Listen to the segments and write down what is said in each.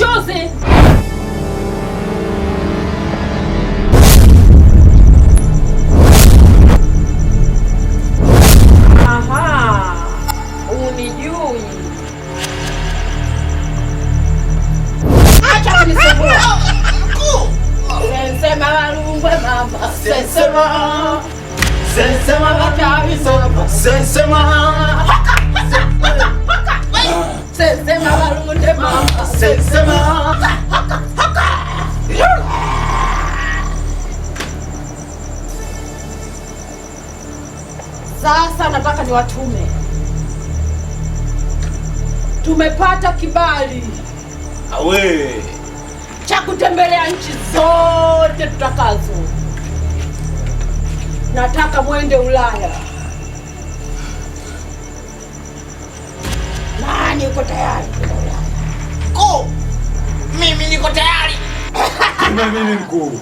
machozi. Aha, unijui. Sensema Sensema. Sensema. Sasa nataka niwatume. Tumepata kibali awe cha kutembelea nchi zote tutakazo. Nataka mwende Ulaya. Nani uko tayari Ko, mimi niko tayari. Mimi mkuu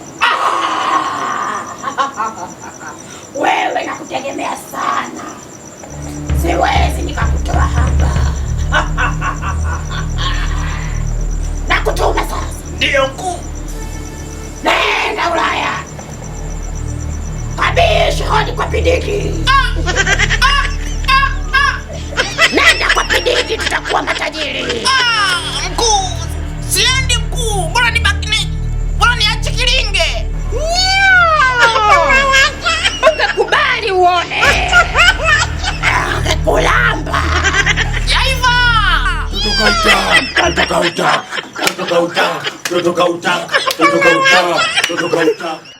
ndiyo mkuu. Nenda Ulaya kabisa hadi kwa Pidiki. Nenda kwa Pidiki, tutakuwa matajiri. mkuu, siendi mkuu, bora nibaki, bora niache kilinge. Utakubali uone kulamba yaiva. Mtoka uta, tôi cầu trăng tôi tôi cầu trăng tôi tôi cầu trăng tôi